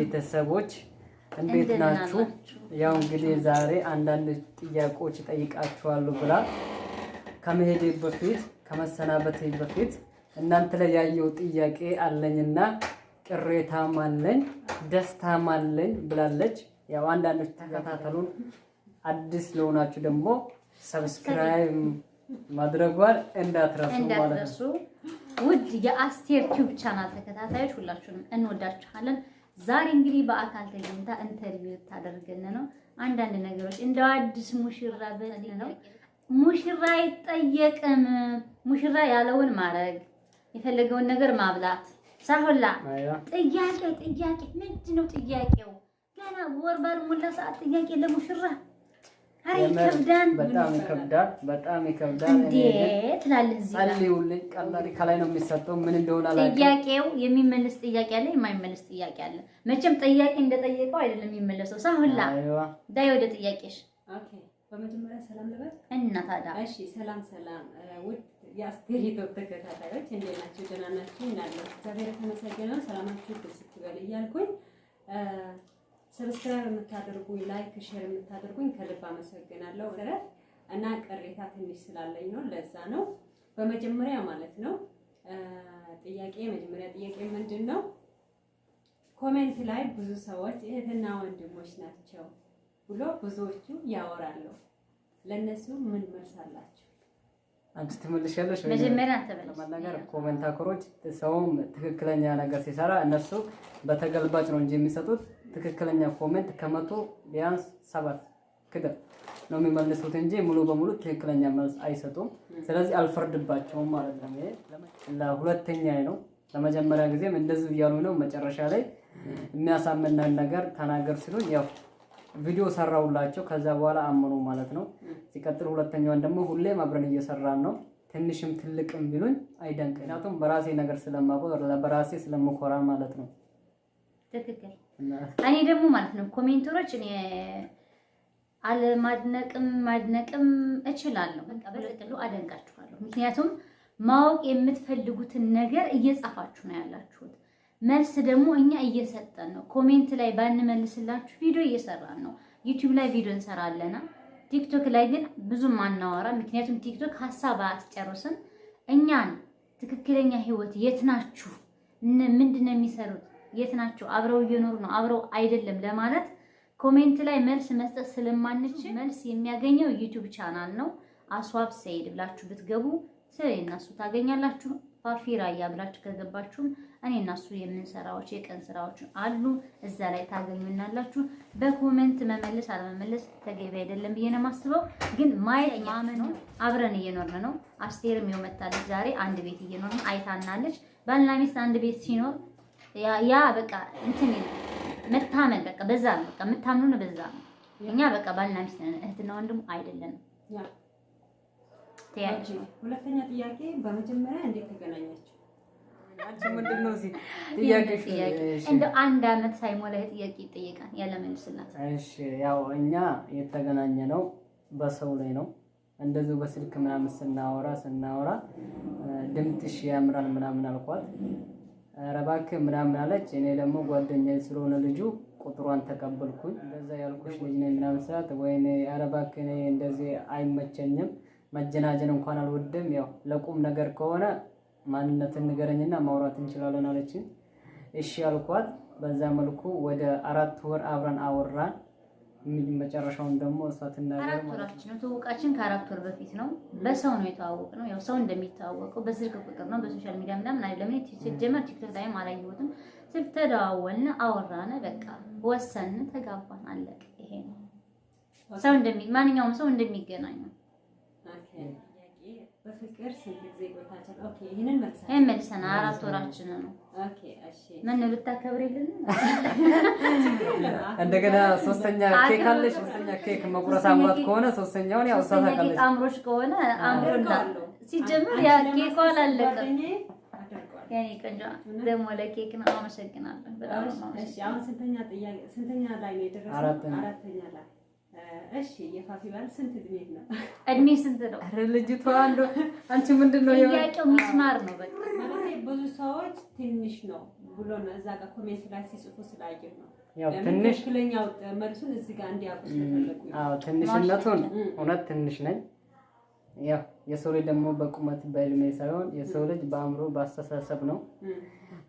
ቤተሰቦች እንዴት ናችሁ? ያው እንግዲህ ዛሬ አንዳንድ ጥያቄዎች እጠይቃችኋለሁ ብላ ከመሄዴ በፊት ከመሰናበቴ በፊት እናንተ ላይ ያየው ጥያቄ አለኝና ቅሬታም አለኝ ደስታም አለኝ ብላለች። ያው አንዳንዶች ተከታተሉን፣ አዲስ ለሆናችሁ ደግሞ ሰብስክራይብ ማድረጓን እንዳትረሱ ማለት ነው። ውድ የአስቴር ቲዩብ ቻናል ተከታታዮች ሁላችሁንም እንወዳችኋለን። ዛሬ እንግዲህ በአካል ተገኝታ ኢንተርቪው ታደርገን ነው። አንዳንድ ነገሮች እንደ አዲስ ሙሽራ ነው። ሙሽራ አይጠየቅም። ሙሽራ ያለውን ማድረግ የፈለገውን ነገር ማብላት ሳሁላ ጥያቄ ጥያቄ ምንድን ነው ጥያቄው? ገና ወር ባልሞላ ሰዓት ጥያቄ ለሙሽራ በጣም ይከብዳል። በጣም ይከብዳል። እንዴት እላለህ። እዚህ ጸልዩልኝ። ቀላል ከላይ ነው የሚሰጠው። ምን እንደሆነ አላውቅም። ጥያቄው የሚመለስ ጥያቄ አለ፣ የማይመለስ ጥያቄ አለ። መቼም ጥያቄ እንደጠየቀው አይደለም የሚመለሰው። ሳሁላ ዳይ ወደ ጥያቄሽ። ኦኬ፣ በመጀመሪያ ሰላም ልበል እና ታዲያ። እሺ፣ ሰላም ሰላም። ውድ የአስቴር ኢትዮጵያ ተከታታዮች እንዴት ናችሁ? ደህና ናችሁ? እናለሁ። እግዚአብሔር የተመሰገነ። ሰላማችሁ ደስ ይበል እያልኩኝ ሰብስክራይብ የምታደርጉኝ ላይክ ሼር የምታደርጉኝ ከልብ አመሰግናለሁ። መሰረት እና ቅሬታ ትንሽ ስላለኝ ነው፣ ለዛ ነው። በመጀመሪያ ማለት ነው ጥያቄ መጀመሪያ ጥያቄ ምንድን ነው? ኮሜንት ላይ ብዙ ሰዎች እህትና ወንድሞች ናቸው ብሎ ብዙዎቹ ያወራሉ። ለእነሱ ምን መልስ አላችሁ? አንቺ ትመልሻለሽ ወይ? መጀመሪያ ለመናገር ኮሜንታተሮች ሰውም ትክክለኛ ነገር ሲሰራ እነሱ በተገልባጭ ነው እንጂ የሚሰጡት ትክክለኛ ኮሜንት ከመቶ ቢያንስ ሰባት ክደር ነው የሚመልሱት እንጂ ሙሉ በሙሉ ትክክለኛ መልስ አይሰጡም። ስለዚህ አልፈርድባቸውም ማለት ነው። ይሄ ለሁለተኛ ነው። ለመጀመሪያ ጊዜም እንደዚህ እያሉ ነው። መጨረሻ ላይ የሚያሳምናን ነገር ተናገር ሲሉ ያው ቪዲዮ ሰራውላቸው ከዛ በኋላ አመኑ ማለት ነው። ሲቀጥል ሁለተኛዋን ደግሞ ሁሌም አብረን እየሰራን ነው። ትንሽም ትልቅም ቢሉኝ አይደንቅ፣ ምክንያቱም በራሴ ነገር ስለማቆ በራሴ ስለምኮራ ማለት ነው። ትክክል እኔ ደግሞ ማለት ነው ኮሜንተሮች እኔ አለማድነቅም ማድነቅም እችላለሁ። በጥቅሉ አደንቃችኋለሁ። ምክንያቱም ማወቅ የምትፈልጉትን ነገር እየጻፋችሁ ነው ያላችሁት። መልስ ደግሞ እኛ እየሰጠን ነው። ኮሜንት ላይ ባንመልስላችሁ ቪዲዮ እየሰራን ነው። ዩቲዩብ ላይ ቪዲዮ እንሰራለና ቲክቶክ ላይ ግን ብዙም አናወራ። ምክንያቱም ቲክቶክ ሀሳብ አያስጨርስም። እኛን ትክክለኛ ህይወት የት ናችሁ? ምንድን ነው የሚሰሩት የት ናቸው? አብረው እየኖሩ ነው? አብረው አይደለም ለማለት ኮሜንት ላይ መልስ መስጠት ስለማንችል መልስ የሚያገኘው ዩቲዩብ ቻናል ነው። አስዋብ ሰይድ ብላችሁ ብትገቡ ስለ እናሱ ታገኛላችሁ። ፋፊ ራያ ብላችሁ ከገባችሁም እኔ እነሱ የምንሰራዎች የቀን ስራዎች አሉ እዛ ላይ ታገኙናላችሁ። በኮሜንት መመለስ አለመመለስ ተገቢ አይደለም ብዬ ነው የማስበው። ግን ማየት ማመኑ አብረን እየኖርን ነው። አስቴርም የመጣለች ዛሬ አንድ ቤት እየኖርን አይታናለች። ባልና ሚስት አንድ ቤት ሲኖር ያ በቃ እንትን መታመን በቃ በዛ ነው። በቃ የምታምኑ ነው በዛ ነው። እኛ በቃ ባልና ሚስት ነን፣ እህትና ወንድሙ አይደለንም። ሁለተኛ ጥያቄ፣ በመጀመሪያ እንዴት ተገናኛችሁ? እንደው አንድ አመት ሳይሞላ ጥያቄ ይጠየቃል ያለ መልስላት። እሺ ያው እኛ የተገናኘ ነው በሰው ላይ ነው እንደዚሁ በስልክ ምናምን ስናወራ ስናወራ ድምጥሽ ያምራል ምናምን አልኳት። ኧረ እባክህ ምናምን አለች። እኔ ደግሞ ጓደኛዬ ስለሆነ ልጁ ቁጥሯን ተቀበልኩኝ። እንደዛ ያልኩሽ ልጅ ነኝ ምናምን ሰዓት ወይኔ ኧረ እባክህ እኔ እንደዚህ አይመቸኝም፣ መጀናጀን እንኳን አልወድም። ያው ለቁም ነገር ከሆነ ማንነትን ንገረኝና ማውራት እንችላለን አለችኝ። እሺ ያልኳት በዛ መልኩ ወደ አራት ወር አብረን አወራን። መጨረሻውን ደግሞ እሷ ትናገር ማለት ነው። ትውውቃችን ከአራት ወር በፊት ነው። በሰው ነው የተዋወቅ ነው። ያው ሰው እንደሚተዋወቀው በስልክ ቁጥር ነው፣ በሶሻል ሚዲያ ምናምን አይደለም። እኔ ሲጀመር ቲክቶክ ላይም አላየሁትም። ስልክ ተደዋወልን፣ አወራን፣ በቃ ወሰን፣ ተጋባን፣ አለቀ። ይሄ ነው ሰው እንደሚ ማንኛውም ሰው እንደሚገናኝ ነው። በፍቅር ስንት ጊዜ ቆይታችን? ኦኬ ይሄንን መልሰናል። ይሄን መልሰናል። አራት ወራችን ነው። ኦኬ እሺ። ምን ልታከብሪልን? እንደገና ሶስተኛ ኬክ አለሽ። ሶስተኛ ኬክ መቁረስ አሟት ከሆነ ሶስተኛውን ያው እሷ ታውቃለች። አምሮሽ ከሆነ አምሮ እንዳለ ሲጀምር ያ ኬኳ አላለቀም። የኔ ቆንጆ ደግሞ ለኬክ ነው። አመሰግናለሁ በጣም። እሺ አሁን ስንተኛ ጥያቄ ስንተኛ ላይ ነው የደረሰው? አራተኛ ላይ እሺ የፋፊ ባል ስንት እድሜ ነው? እድሜ ስንት ነው? አረ ልጅቷ አንዱ አንቺ ምንድነው የያቄው ሚስማር ነው። በቃ ብዙ ሰዎች ትንሽ ነው ብሎ ነው እዛ ጋር ኮሜንት ላይ ሲጽፉ ስላየሁ ነው። ትክክለኛው መልሱን እዚህ ጋር እንዲያውቁ ስለፈለኩ። ትንሽነቱን እውነት ትንሽ ነኝ። ያው የሰው ልጅ ደግሞ በቁመት በእድሜ ሳይሆን የሰው ልጅ በአእምሮ በአስተሳሰብ ነው።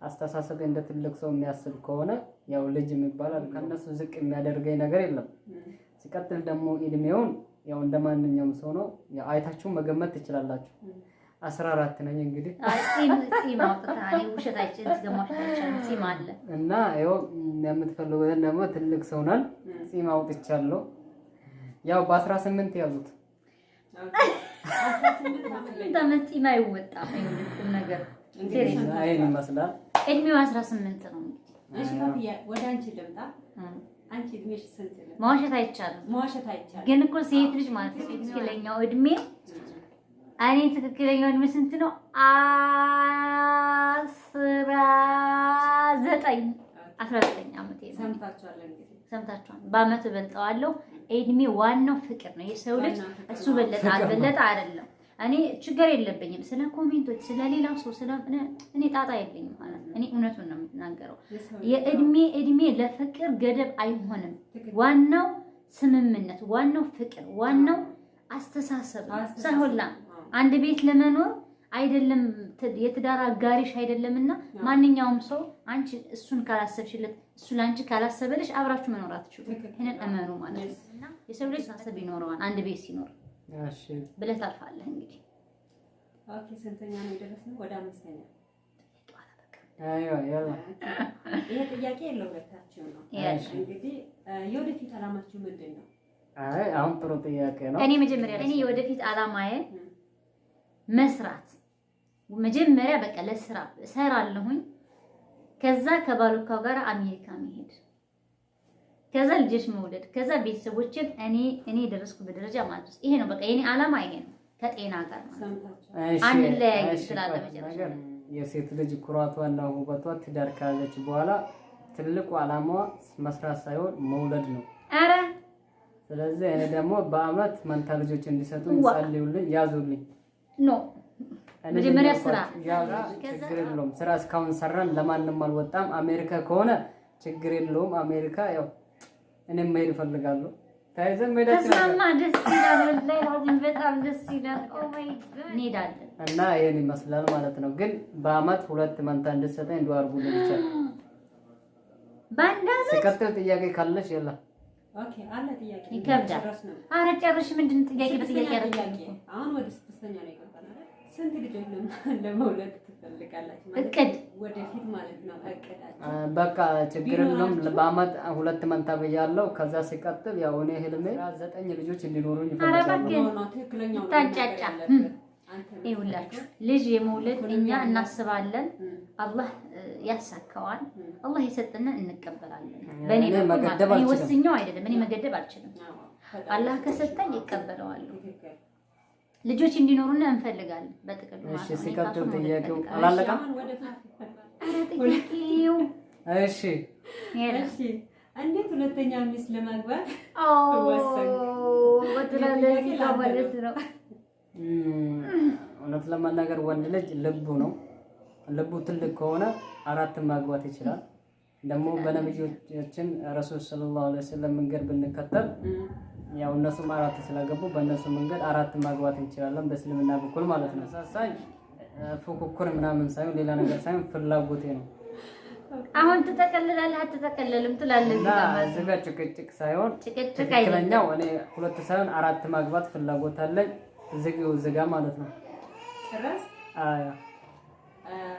አስተሳሰብ እንደ ትልቅ ሰው የሚያስብ ከሆነ ያው ልጅ የሚባል ከእነሱ ዝቅ የሚያደርገኝ ነገር የለም። ሲቀጥል ደግሞ እድሜውን ያው እንደ ማንኛውም ሰው ነው አይታችሁ መገመት ትችላላችሁ። አስራ አራት ነኝ እንግዲህ እና ያው የምትፈልጉትን ደግሞ ትልቅ ሰው ናል ፂም አውጥቻለሁ። ያው በአስራ ስምንት ያዙት ይመስላል እድሜው አስራ ስምንት ነው። ወደ አንቺ ልምጣ አንቺ እድሜሽ ስንት ነው? መዋሸት አይቻልም። መዋሸት አይቻልም። ግን እኮ ሴት ልጅ ማለት ነው ትክክለኛው እድሜ እኔ ትክክለኛው እድሜ ስንት ነው? አስራ ዘጠኝ አስራ ዘጠኝ ዓመቴ ነው። ሰምታችኋል እንግዲህ ሰምታችኋል። በዓመት እበልጠዋለሁ። እድሜ ዋናው ፍቅር ነው። የሰው ልጅ እሱ በለጠ አልበለጠ አይደለም። እኔ ችግር የለብኝም። ስለ ኮሜንቶች፣ ስለ ሌላ ሰው ስለ እኔ ጣጣ የለኝም ማለት እኔ እውነቱን ነው የምትናገረው። የእድሜ እድሜ ለፍቅር ገደብ አይሆንም። ዋናው ስምምነት፣ ዋናው ፍቅር፣ ዋናው አስተሳሰብ ሳይሆላ አንድ ቤት ለመኖር አይደለም የትዳር አጋሪሽ እና ማንኛውም ሰው አንቺ እሱን ካላሰብሽለት እሱ ለአንቺ ካላሰበልሽ አብራችሁ መኖር አትችሉ። ይህንን እመኑ ማለት ነው። የሰው ልጅ ሳሰብ ይኖረዋል አንድ ቤት ሲኖር ብለህ ታልፋለህ። እንግዲህ ኦኬ፣ ስንተኛ ነው የደረስነው? ወደ አምስተኛ ይሄ ጥያቄ የለውበታችሁ ነው። እንግዲህ የወደፊት አላማችሁ ምንድን ነው? አይ አሁን ጥሩ ጥያቄ ነው። እኔ መጀመሪያ እኔ የወደፊት አላማዬ መስራት መጀመሪያ በቃ ለስራ እሰራለሁኝ። ከዛ ከባሉካው ጋር አሜሪካ መሄድ ከዛ ልጆች መውለድ፣ ከዛ ቤተሰቦችን እኔ እኔ የደረስኩበት ደረጃ ማድረስ። ይሄ ነው በቃ የኔ ዓላማ ይሄ ነው። ከጤና ጋር አንድ ላይ ስላለ መጀመሪያ የሴት ልጅ ኩራቷና ውበቷ ትዳር ካለች በኋላ ትልቁ ዓላማዋ መስራት ሳይሆን መውለድ ነው። አረ ስለዚህ እኔ ደግሞ በአመት መንታ ልጆች እንዲሰጡ ጸልዩልኝ፣ ያዙልኝ። ኖ መጀመሪያ ስራ ችግር የለውም። ስራ እስካሁን ሰራን፣ ለማንም አልወጣም። አሜሪካ ከሆነ ችግር የለውም። አሜሪካ ያው እኔም መሄድ እፈልጋለሁ። ተያይዘን መሄዳችን ደስ ይላል። ላይ በጣም ደስ ይላል። እንሄዳለን እና ይህን ይመስላል ማለት ነው። ግን በአመት ሁለት መንታ እንድትሰጠኝ እንዲ አድርጉልኝ ይቻላል። ሲቀጥል ጥያቄ ካለሽ የለም ይከብዳል። ኧረ ጨርሽ። ምንድን ጥያቄ በጥያቄ አሁን ወደ ስድስተኛ ላይ ስንት ልጆች ለመውለድ ትፈልጋላችሁ? እቅድ ወደፊት ማለት ነው እቅዳችሁ? በቃ ችግር የለውም። በአመት ሁለት መንታ ብያለሁ። ከዛ ሲቀጥል ያው እኔ ህልሜ ዘጠኝ ልጆች እንዲኖሩኝ ይፈልጋለሁ። ታንጫጫ ይኸውላችሁ ልጅ የመውለድ እኛ እናስባለን፣ አላህ ያሳካዋል። አላህ የሰጠንን እንቀበላለን። በእኔ በኩል ወስኛው አይደለም እኔ መገደብ አልችልም። አላህ ከሰጠኝ ይቀበለዋለሁ። ልጆች እንዲኖሩን እንፈልጋለን። በጥቅል እሺ። ሲቀጥል ጥያቄው አላለቀም። እሺ፣ እሺ። እንዴት ሁለተኛ ሚስት ለማግባት እውነት ለመናገር ወንድ ልጅ ልቡ ነው። ልቡ ትልቅ ከሆነ አራት ማግባት ይችላል። ደግሞ በነብዮችን ረሱል ሰለላሁ ዐለይሂ ወሰለም መንገድ ብንከተል ያው እነሱም አራት ስለገቡ በእነሱ መንገድ አራት ማግባት እንችላለን፣ በእስልምና በኩል ማለት ነው። ሳሳኝ ፉክክር ምናምን ሳይሆን ሌላ ነገር ሳይሆን ፍላጎቴ ነው። አሁን ትጠቀልላለህ አትጠቀልልም ትላለህ። እዚህ ጋር ጭቅጭቅ ሳይሆን ትክክለኛው እኔ ሁለት ሳይሆን አራት ማግባት ፍላጎት አለኝ። እዚህ እዚህ ጋር ማለት ነው። ጭራሽ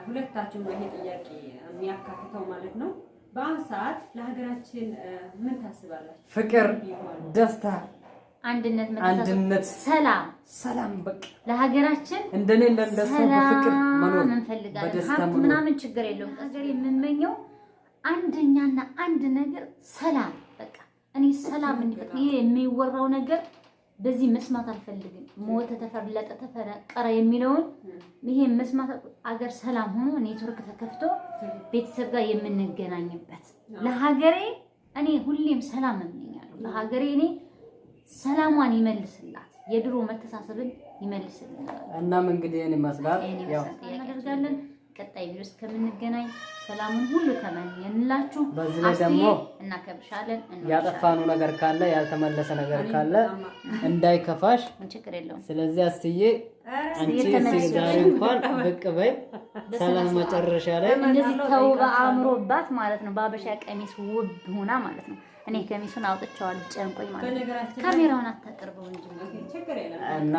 ሁለታችን ነው ይሄ ጥያቄ የሚያካትተው ማለት ነው። በአሁኑ ሰዓት ለሀገራችን ምን ታስባላችሁ? ፍቅር፣ ደስታ፣ አንድነት፣ አንድነት፣ ሰላም፣ ሰላም በቃ ለሀገራችን እንደኔ ለደስታ በፍቅር ምናምን ችግር የለውም። ሀገር የምመኘው አንደኛና አንድ ነገር ሰላም በቃ እኔ ሰላም እንዲፈጥ ይሄ የሚወራው ነገር በዚህ መስማት አልፈልግም። ሞተ፣ ተፈለጠ፣ ተፈነቀረ የሚለውን ይሄን መስማት አገር ሰላም ሆኖ ኔትወርክ ተከፍቶ ቤተሰብ ጋር የምንገናኝበት ለሀገሬ እኔ ሁሌም ሰላም እመኛለሁ። ለሀገሬ እኔ ሰላሟን ይመልስላት፣ የድሮ መተሳሰብን ይመልስልናል። እናም እንግዲህ ይመስላል ያው እናደርጋለን ቀጣይ ቪዲዮ እስከምንገናኝ ሰላሙን ሁሉ ተመኘንላችሁ። በዚህ ላይ ደግሞ እናከብሻለን። ያጠፋኑ ነገር ካለ ያልተመለሰ ነገር ካለ እንዳይከፋሽ፣ ችግር የለውም። ስለዚህ አስትዬ አንቺ ሲዳሪ እንኳን ብቅ በይ፣ ሰላም መጨረሻ ላይ እንደዚህ ተውባ አምሮባት ማለት ነው። በአበሻ ቀሚስ ውብ ሆና ማለት ነው። እኔ ገሚሱን አውጥቼዋለሁ ጨንቆኝ ማለት ነው። ካሜራውን አታቀርበው እንጂ እና